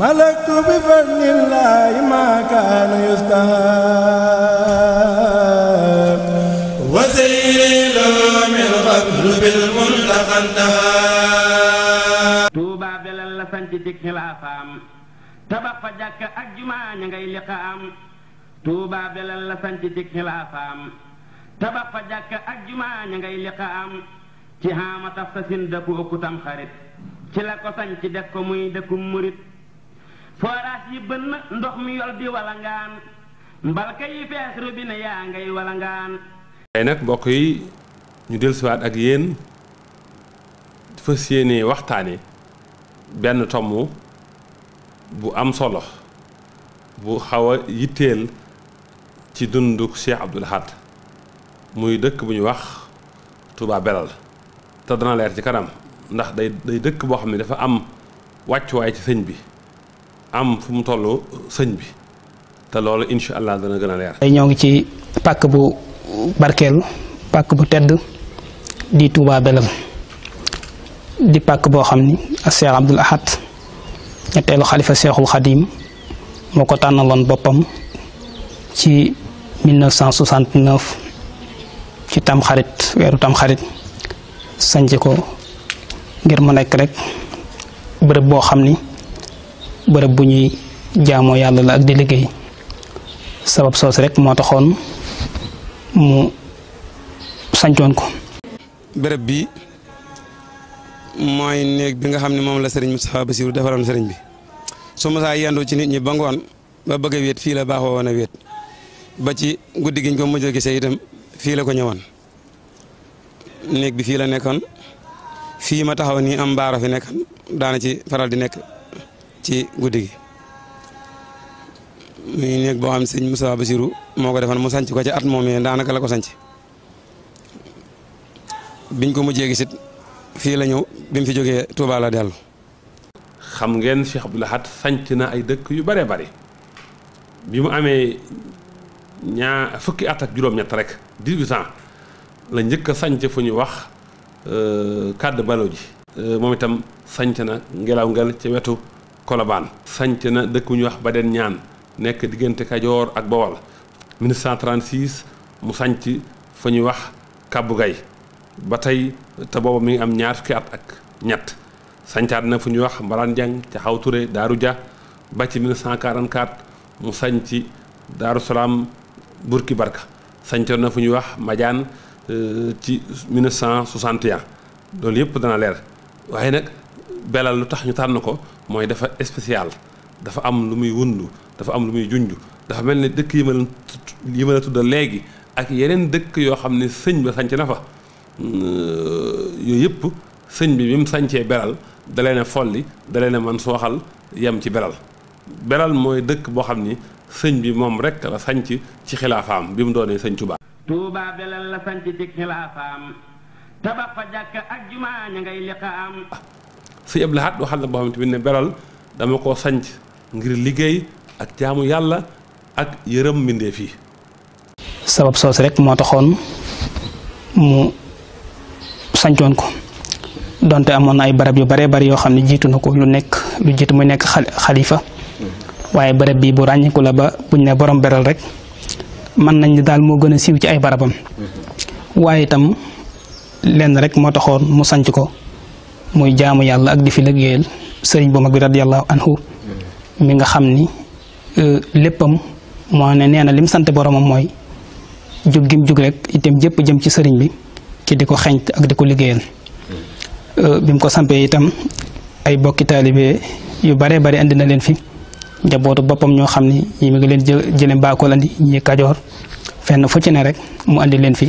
ملكت بفضل الله ما كان يستهاب وسيري له من قبل بالمنتقى انتهى توبا بلال لا سانت دي خلافام تبا فجاك اك جمعه ngay liqaam Touba Belal la sant ci fa jàkka ak jumaa ña ngay liqaam ci xaama taf sa sin dëkku tam xarit ci la ko sañ ci def ko muy dëkku murit yi ndox mi yol di walangaan mbalka yi fees robinet yaa ngay walangaan tey nag mbokk yi ñu dellusiwaat ak yéen fas yéene waxtaane benn tomb bu am solo bu xaw a yitteel ci dunduk Cheikh Abdoul Ahad muy dëkk bu ñu wax tubaab Belal te dana leer ci kanam ndax day day dëkk boo xam ne dafa am wàccuwaay ci sëñ bi am fu mu toll sëñ bi té loolu inshallah allah dana gëna leer ay ñoo ngi ci pak bu barkel pak bu tedd di Touba belam di pak bo xamni Cheikh abdul Ahad ñettelu khalifa Cheikhul Khadim moko tanalon bopam ci 1969 ci xarit wéru tam xarit sanjiko ngir mu nek rek bërëb boo xam ni. bërëb bu ñuy jaamoo yàlla la ak di liggéey sabab soos rek moo taxoon mu sancoon ko. bërëb bi mooy néeg bi nga xam ne moom la sëriñ Moustapha Bassirou defaroon sëriñ bi su ma saa yendoo ci nit ñi ba ngoon ba bëgg wéet fii la baaxoo woon a wéet ba ci guddi giñ ko mujj a gisee itam fii la ko ñëwoon néeg bi fii la nekkoon fii ma taxaw nii am mbaara fi nekk daana ci faral di nekk. ci guddi gi muy néeg boo xam sëñ Moussa Bassirou moo ko defan mu sanc ko ci at moom yi daanaka la ko sanc biñ ko mujjee gisit fii la ñëw bi mu fi jógee Touba la dellu xam ngeen Cheikh Abdoul Ahad sanc na ay dëkk yu bare bari bi mu amee ñaa fukki at ak juróom-ñett rek 18 ans la njëkk a fu ñu wax euh, kàdd balo ji euh, moom itam sanc na ngelaw ngel ci wetu Colobane sanc na dëkk ñu wax Baden Ñaan nekk diggante Kajoor ak Bawol 1936 mu sañc fa ñuy wax Kàbbu ba tey te booba mi ngi am ñaar fukki at ak ñett sancaat na fu ñuy wax Mbalaan Jang ca xaw Ture Daaru Ja ba ci 1944 mu sanc Daaru Salaam Burki Barka sancoon na fu ñuy wax Madiane euh, ci 1961 loolu yëpp dana leer waaye nag belal lu tax ñu tànn ko mooy dafa spécial dafa am lu muy wundu dafa am lu muy junj dafa mel ne dëkk yi ma leen yi ma léegi ak yeneen dëkk yoo xam ne sëñ ba sanc na fa yooyu yëpp sëñ bi bi mu sancee beral dalee ne folli dalee ne man sooxal yem ci beral belal mooy dëkk boo xam ni sëñ bi moom rek la sañc ci xilaafaam bi mu doonee sëñ Tuubaa Tuubaa belal la sanc ci xilaafaam tabax fa jàkk ak jumaa ña ngay liqaam sëñ Abdou Lahad waxal na boo xamante bi ne beral dama koo sanc ngir liggéey ak jaamu yàlla ak yërëm mbindeef yi sabab soos rek moo taxoon mu sancoon ko donte amoon na ay barab yu bare bari yoo xam ne jiitu na ko lu nekk lu jiitu muy nekk xalifa waaye barab bii bu ràññiku la ba buñ ne borom beral rek mën nañ ni daal moo gën a siiw ci ay barabam mm-hmm. waaye itam lenn rek moo taxoon mu sanc ko muy jaamu yàlla ak di fi liggéeyal sëriñ bu mag bi an anhu mi nga xam ni euh, léppam moo ne nee na lim sant boromam mooy jug gim jug rek itam jëpp jëm ci sëriñ bi ci di ko xeñt ak di ko liggéeyal euh, bi mu ko sampee itam ay bokki taalibe yu bare bare andi na leen fi njabootu boppam ñoo xam ni ñi mu ngi leen jële mbaakool andi ñi kajoor fenn fu ci ne rek mu andi leen fi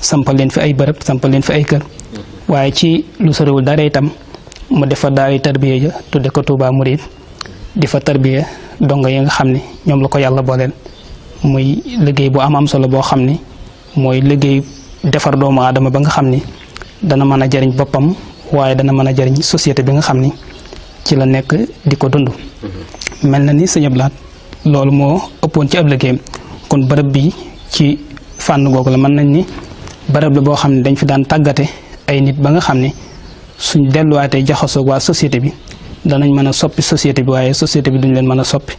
sampal leen fi ay bërëb sampal leen fi ay kër waaye ci lu sorewul dara itam mu defa daari tarbiya ja tudde ko Touba Mouride di fa tarbiya dongo yi nga xam ne ñoom la ko yàlla booleel muy liggéey bu am am solo boo xam ni mooy liggéey defar doomu aadama ba nga xam ni dana mën a jariñ boppam waaye dana mën a jariñ société bi nga xam ni ci la nekk di ko dund mm-hmm. mel na ni sëñ Ablaat loolu moo ëppoon ci ab liggéeyam kon bërëb bi ci fànn googu la mën nañ ni bërëb la boo xam ne dañ fi daan tàggate ay nit ba nga xam ne suñ delluwaatee jaxasoog waa société bi danañ mën a soppi société bi waaye société bi duñ leen mën a soppi.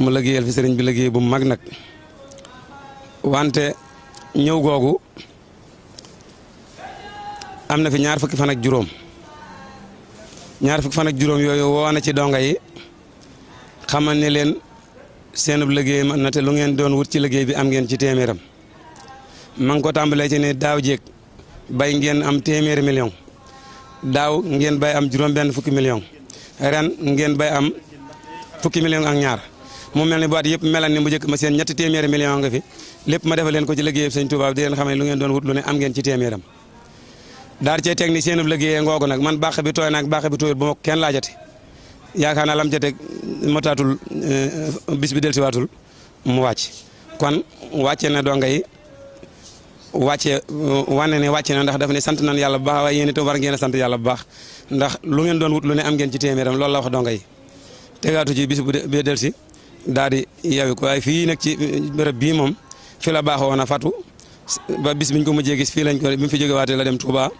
mu liggéeyal fi sëriñ bi liggéey bu mag nag wante ñëw googu am na fi ñaar fukki fan ak juróom ñaar fukki fan juróom yooyu woo na ci donga yi xamal ne leen seenub liggéey man na te lu ngeen doon wut ci liggéey bi am ngeen ci téeméeram ma ko tàmbalee ci ne daaw jéeg. bay ngeen am téeméeri million daaw ngeen bay am juróom-benn fukki million ren ngeen bay am fukki million ak ñaar mu mel ni bu at yëpp melan ni mu njëkk ma seen ñett téeméeri million nga fi lépp ma defal leen ko ci liggéeyam sëñ Touba xam ne lu ngeen doon wut lu ne am ngeen ci téeméeram daar cee teg ni seen liggéeyee ngoogu nag man baax bi tooy nag baax bi tooyul bu ma kenn laajate yaakaar naa lam ca teg motaatul eh, bis bi dellusiwaatul mu wàcc kon wàcce na donga wacce wane ne wacce na ndax daf ne sant nan yalla baax way yene to war ngeen sant yalla baax ndax lu ngeen doon wut lu ne am ngeen ci téeméeram lool la wax do ngay tegaatu ci bis be del yawi ko ay fi nak ci bërëb bi mom fi la baax wona fatu ba bis biñ ko mu gis fi lañ ko bi fi fi waté la dem Touba.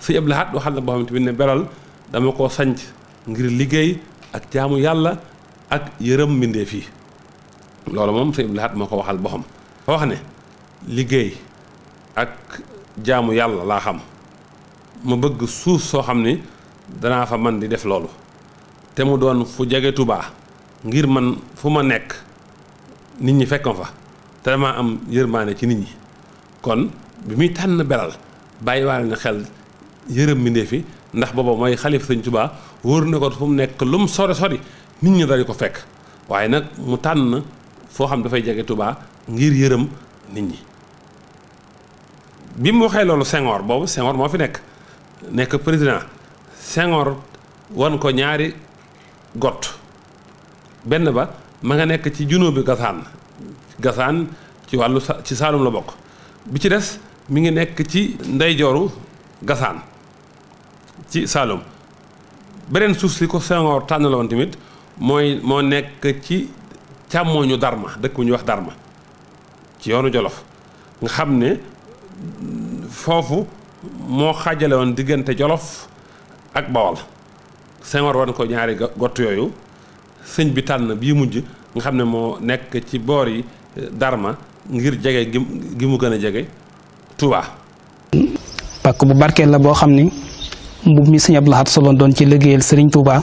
fi ibla Lahad waxal na baam xam beral dama ko sant ngir liggéey ak tiamu yalla ak yërëm minde fi lool mom fi ibla Lahad mako waxal boxam wax ne liggéey ak jaamu yàlla laa xam ma bëgg suuf soo xam ni danaa fa man di def loolu te mu doon fu jege Tuubaa ngir man fu ma nekk nit ñi fekkoon ma fa te damaa am yërmaane ci nit ñi kon bi muy tànn beral bàyyiwaale na xel yërëm mbindéef fi ndax booba mooy xalif sëñ Tuubaa wóor ne ko fu mu nekk lu mu sori sori nit ñi dañu ko fekk waaye nag mu tànn foo xam dafay jege tubaa ngir yërëm nit ñi bi mu waxee loolu sengoor boobu Senghor moo fi nekk nekk président Senghor wan ko ñaari gott benn ba ma nga nekk ci junóo bi gasaan gasaan ci wàllu ci saalum la bokk bi ci des mi ngi nekk ci ndeyjooru gasaan ci saalum beneen suuf si ko Senghor tànn la tamit mooy moo nekk ci càmmooñu Darma dëkk bu ñuy wax Darma ci yoonu Jolof nga xam ne foofu moo xaajale woon diggante jolof ak bawol Senghor wan ko ñaari gott yooyu sëñ bi tànn bii mujj nga xam ne moo nekk ci boor yi eh, darma ngir jege gi mu gën a jege Touba. pàkk bu barkeel la boo xam ni mbubb mi sëñ Abdou Lahad soloon doon ci liggéeyal sëriñ Touba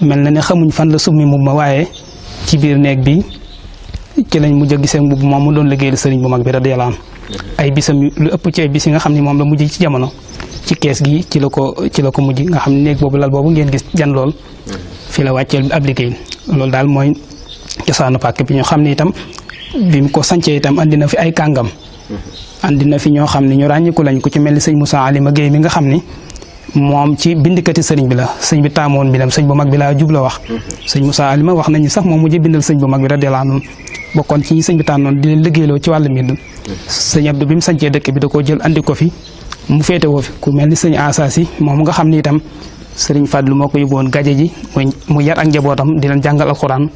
mel na ne xamuñ fan la summi mbubb ma waaye ci biir néeg bi ci lañ mujj a gisee mbubb moom mu doon liggéeyal sëriñ bu mag bi radiyallahu anhu mhm. ay bisam lu ëpp ci ay bis nga xam ne moom la mujj ci jamono ci kees gi ci la ko ci la ko mujj nga xam ne néeg boobu lal boobu ngeen gis jan lool mhm. fi la wàcceel ab liggéey loolu daal mooy cosaanu pàkk bi ñu xam ne itam bi mu ko sancee itam andi na fi ay kàngam mhm. andi na fi ñoo xam ne ñu ràññiku lañ ku ci mel ni sëñ Moussa Alima Guèye mi nga xam ni moom ci bind bindikati sëriñ bi la sëñ bi bi bindam sëñ bu mag bi laa jubla wax sëñ mu saa Alima wax nañu sax moom mujj bindal sëñ bu mag bi radiyallahu anhu bokkoon ci ñi sëñ bi tànnoon di leen liggéeyloo ci wàllu mbind sëñ Abdou bi mu sancee dëkk bi da jël andi ko fi mu féete woo fi ku mel ni sëñ Asasi moom nga xam ni itam sëriñ Fadlu moo ko yóbbuwoon gaje ji mu yar ak njabootam di leen jàngal alxuraan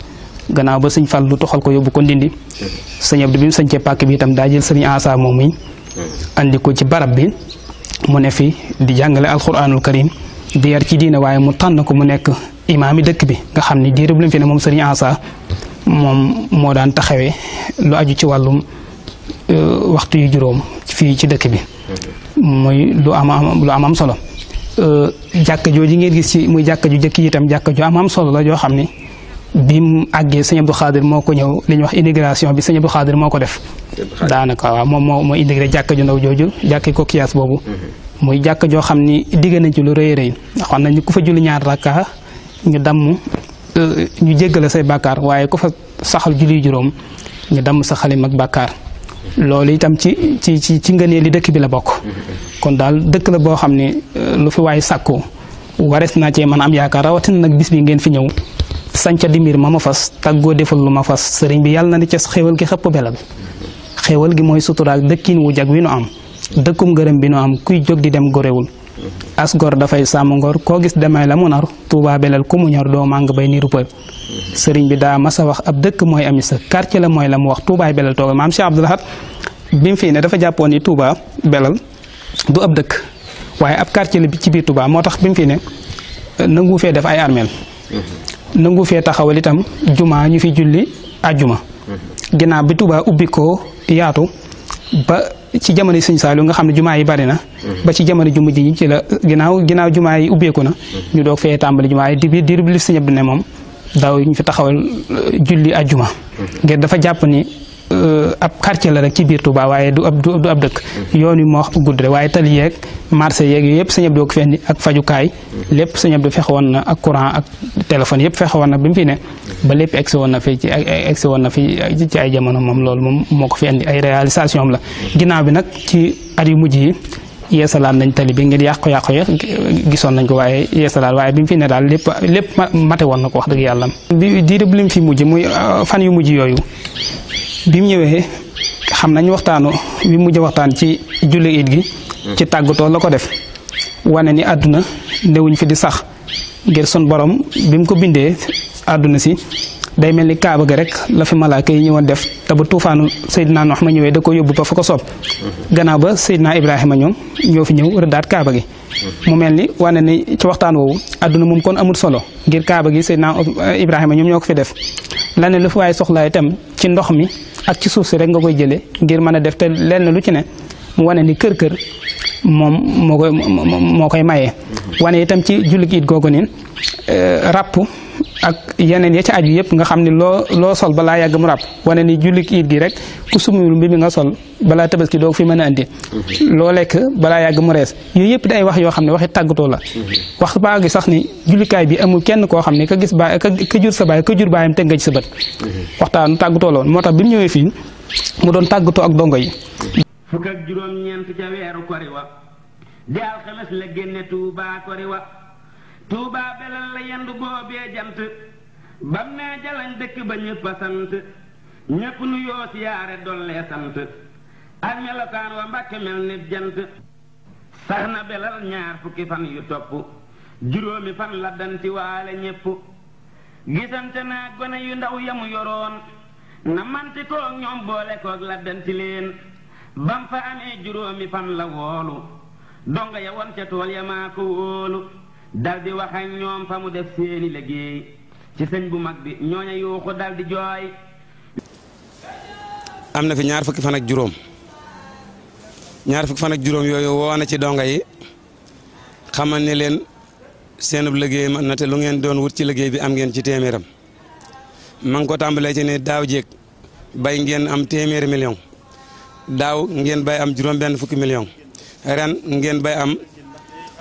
gannaaw ba sëñ Fadlu toxal ko yóbbu ko ndindi sëñ Abdou bi mu sancee pàkk bi itam daa jël sëriñ Asa moom mi andi ko ci barab bi mu ne fi di jàngale alquranul karim di yar ci diine waaye mu tànn ko mu nekk imaami dëkk bi nga xam ne diirub lim fi ne moom sëriñ Ansa moom moo daan taxawee lu aju ci wàllum euh, waxtu yu juróom fii ci dëkk bi muy lu am am am am solo euh, jàkka joo ji ngeen gis ci muy jàkka ju jëkk itam jàkka ju am solo la joo xam ne bi mu àggee sëñ Abdou Khadir moo ko ñëw li ñuy wax immigration bi sëñ Abdou Khadir moo ko def daanaka waa moom moo moo intégré jàkka ju ndaw jooju jàkki ko kiyaas boobu mm-hmm. muy jàkka joo xam ni digg nañ ci lu rëy rëy xam nañ ku fa julli ñaar rakka euh, ñu damm ñu jéggale say bàkkaar waaye ku fa saxal julli juróom ñu damm sa xalim ak bàkkaar loolu itam ci ci ci ci ngënee li dëkk bi la bokk mm-hmm. kon daal dëkk la boo xam ne euh, lu fi waay sàkku warees naa cee mën am yaakaar rawatina nag bis bi ngeen fi ñëw sanca di mbir ma ma fas tàggoo deful lu ma fas sëriñ bi yàlla na ni ca xéwal gi xëpp bela xéewal gi mooy suturaal dëkkin wu jag wi nu am dëkkum gërëm bi nu am kuy jóg di dem gorewul as gor dafay sàmm ngor koo gis demee la mu nar tuubaa belal ku mu doo màng bay niru pël sëriñ bi daa mas a wax ab dëkk mooy ami sa quartier la mooy la mu wax tuubaay belal toogal maam Cheikh Abdou bi mu fii ne dafa jàppoon ni tuubaa belal du ab dëkk waaye ab quartier la bi ci biir tuubaa moo tax bi mu fi ne nangu fee def ay armeel mhm. nangu fee taxawal itam jumaa ñu fi julli ajjuma ginnaaw bi Touba ubbi ko yaatu ba ci jamono sëñ Saliou nga xam ne jumaa yi bari na mhm. ba ci jamono ju mujj yi ci la ginnaaw ginaaw jumaa yi ubbeeku na mhm. ñu doog fee tàmbali jumaa yi di biir diirub li sëñ Abdou ne moom daaw ñu fi taxawal uh, julli ajjuma mhm. ngir dafa jàpp ni Euh, ab quartier la rek ci biir Touba waaye du ab du ab dëkk yoon wi moo gudd rek waaye tali yeeg marché yeeg yooyu yëpp sëñ Abdou ko fendi ak fajukaay lépp sëñ Abdou fexe woon na ak courant ak téléphone yëpp fexe woon na bi mu fi ne ba lépp egsi woon na fi ci egsi woon na fi ay jamono moom loolu moom moo ko fi indi ay réalisation la ginnaaw bi nag ci at yu mujj yi yeesalaat nañ tali bi ngir yàqu-yàqu ya gisoon nañ ko waaye yeesalaat waaye bi mu fi ne daal lépp lépp mate woon na ko wax dëgg yàlla bi diirëb lim fi mujj muy uh, fan yu mujj yooyu bi mu ñëwee xam nañ waxtaanu bi mujj waxtaan ci julli it gi ci tàggatoo la ko def wane ni àdduna ndewuñ fi di sax ngir sun borom bi mu ko bindee àdduna si day mel ni kaaba gi rek la fi malaaka yi ñëwoon def te ba tuufaanu Seydina Nuux ma ñëwee da ko yóbbu ba fa ko soob gannaaw ba Seydina Ibrahima ñoom ñoo fi ñëw rëddaat kaaba gi mu mel ni wane ni ci waxtaan woowu adduna moom kon amul solo ngir kaaba gi Seydina Ibrahima ñoom ñoo ko fi def la ne lu fi waaye soxlaa itam ci ndox mi ak ci suuf si rek nga koy jëlee ngir mën a def te lenn lu ci ne mu wane ni kër kër moom moo koy moo koy maye mm-hmm. wane itam ci jullit it googu niin Euh, ràpp ak yeneen ya ca aju yëpp nga xam ne loo loo sol balaa yàgg mu ràpp wane ni jullik iid gi rek ku sumul mbi mi nga sol balaa tabaski doo fi mën a andi mhm. loo lekk balaa yàgg mu rees yooyu yëpp day wax yoo xam ne waxi tàggatoo la mhm. wax baa gi sax ni jullikaay bi amul kenn koo xam ne ka gis baay ka jur sa baay ka jur baayam te nga ci sa bët mhm. waxtaanu tàggatoo la woon moo tax bi mu ñëwee fii mu doon tàggatoo ak dongo yi tuubaa belal la yendu boobee jant bam nee jalañ dëkk ba ñëpp a sant ñépp nu yoo siyaare dollee sant ak melokaan wa mbàkke mel nit jant sax na belal ñaar fukki fan yu topp juróomi fan la dan ci waale ñépp gisante naa gone yu ndaw yamu yoroon na manti koog ñoom boole koog la dan ci leen bam fa amee juróomi fan la woolu donga ya won ca ya maa ko wóolu dal di wax ñoom fa mu def seeni liggéey ci sëñ bu mag bi ñooña yuuxu dal jooy. am na fi ñaar fukki fan ak juróom ñaar fukki fan juróom yooyu woo na ci donga yi xamal ne leen seenub liggéey man na lu ngeen doon wut ci liggéey bi am ngeen ci téeméeram ma ko tàmbalee ci ne daaw jéeg bay ngeen am téeméeri million daaw ngeen bay am juróom benn fukki million ren ngeen bay am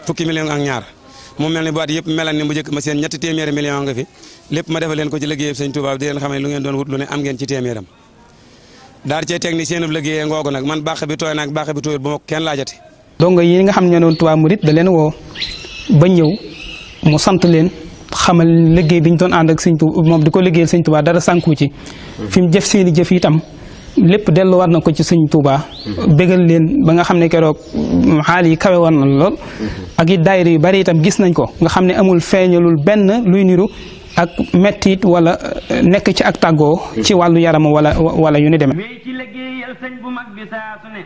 fukki million ak ñaar. mu mel ni baat yëpp melan ni bu njëkk ma seen ñetti téeméeri million nga fi lépp ma defal leen ko ci liggéeyam sëñ Touba di leen ci téeméeram ni seenub liggéeyee ngoogu nag man baax bi tooy naag baax bi tooyul ba ma kenn laajate dongo yi nga xam ne ñoo doon Touba Mouride da leen woo ba ñëw mu sant leen xamal liggéey bi ñu doon ànd ak sëñ Touba moom di ko liggéeyal sëñ Touba dara sànku ci fi mu jëf seeni jëf itam lépp delluwaat na ko ci sëñ Touba. bégal leen ba nga xam ne keroog xaal yi kawe war na lool. ak it daayira yu bari itam gis nañ ko nga xam ne amul feeñalul benn luy niru ak mettit wala euh, nekk ci ak tàggoo. ci wàllu yaram wala wala yu ni demee. wéy ci liggéeyal sëñ bu mag bi saa ne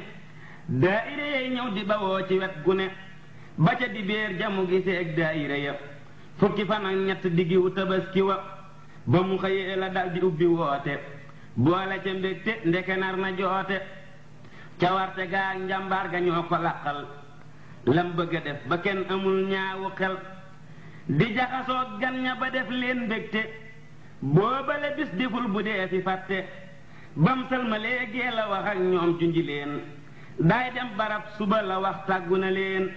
daayira yi ñëw di bawoo ci wet gu ne ba ca di béer jamu gisee ak daayira ya fukki fan ak ñett diggu tabaski wa ba mu xëyee la dal di ubbi woote. boole ca mbégte ndeke nar na joote cawarte gaa njàmbaar ga ñoo ko làqal lam bëgg a def ba kenn amul ñaawu xel di jaxasoo gan ña ba def leen mbégte boobale bis deful bu dee fi fàtte bam salma léegee la wax ak ñoom junji leen daay dem barab suba la wax tàggu na leen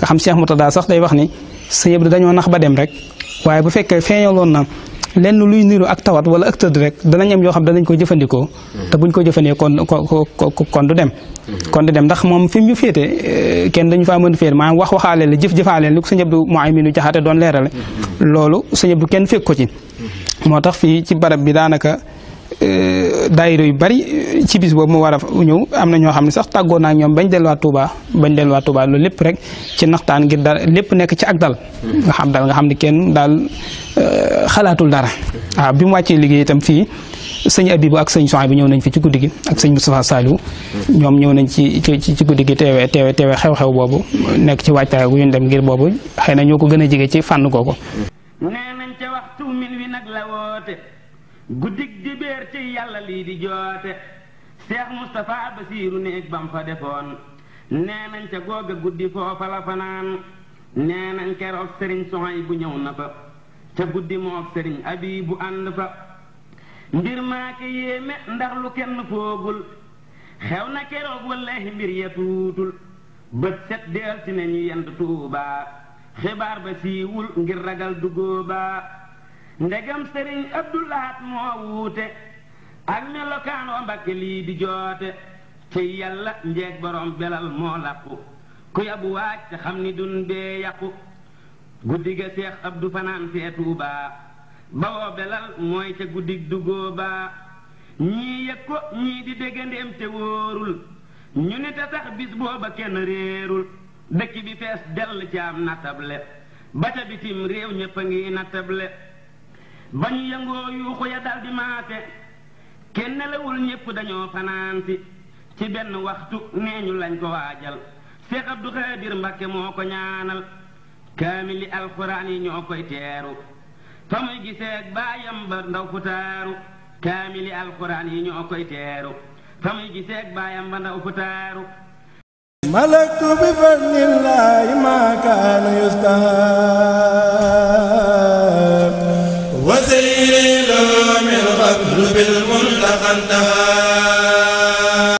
xam Cheikh Murtada sax day wax ni sëñ bi dañoo nax ba dem rek waaye bu fekkee feeñaloon na lenn luy niru ak tawat wala ak tëdd rek danañ am yoo xam danañ ko jëfandikoo te buñ ko jëfandikoo kon ko kon du dem kon du dem ndax moom fi mu féete eh, kenn dañu faa mën féete maanaam wax waxaale la jëf jëfaale li ko sëñ Abdou Mouhaïminou Diakhaté doon leerale mm-hmm. loolu sëñ Abdou kenn fekk ko ci mm-hmm. moo tax fii ci barab bi daanaka Euh, daayira yu bari euh, ci bis boobu mu war ñëw am na ñoo xam ne sax tàggoo naa ñoom bañ delluwaat Touba bañ delluwaat Touba loolu lépp rek ci naxtaan ngir dara lépp nekk ci ak dal mm-hmm. nga xam dal nga xam ne kenn daal euh, xalaatul dara waaw bi mu wàccee liggéey itam fii sëñ Abibu ak sëñ Soxay bi ñëw nañ fi ci guddi gi ak sëñ Moustapha Saliou mm-hmm. ñoom ñëw nañ ci ci ci guddi gi teewe teewe xew-xew boobu nekk ci waajtaay gu ñu dem ngir boobu xëy na ñoo ko gën a jege ci fànn googu mm-hmm. guddik di béer ci yàlla lii di joote seex mustapha basiiru néeg bam fa defoon nee ca googa guddi foofa la fanaan nee nañ keroog sëriñ soxay bu ñëw na fa ca guddi moog sëriñ abi bu ànd fa mbir maa yéeme ndax lu kenn foogul xew na keroog wallahi mbir ya tuutul bët set deel si nañu yent tuubaa xibaar ba siiwul ngir ragal duggóobaa ndegam sëriñ abdulahat moo wuute ak melokaanoo mbakke lii di jote te yàlla njeeg borom belal moo làqu ku yabu waaj te xam ni dun bee yàqu guddi ga seex abdu fanaan fee tuubaa bawoo belal mooy ca guddig dugoo baa ñii yëg ñii di déggandeem te wóorul ñu ni te tax bis booba kenn réerul dëkk bi fees dell ci nattable ba ca bitim réew ñépp ngi nattable ba ñu yëngoo yuuxu ya dal di maase kenn lawul ñépp dañoo fanaansi ci benn waxtu nee ñu lañ ko waajal Seex Abdu Xaadir Mbakke moo ko ñaanal kaamili alxuraan yi ñoo koy teeru fa muy gisee ak baayam ba ndaw futaaru kaamili alxuraan yi ñoo koy teeru fa muy gisee ak baayam ba ndaw futaaru malaktu bi fadlillahi ma kaana yustahaab بالمنتقى انتهى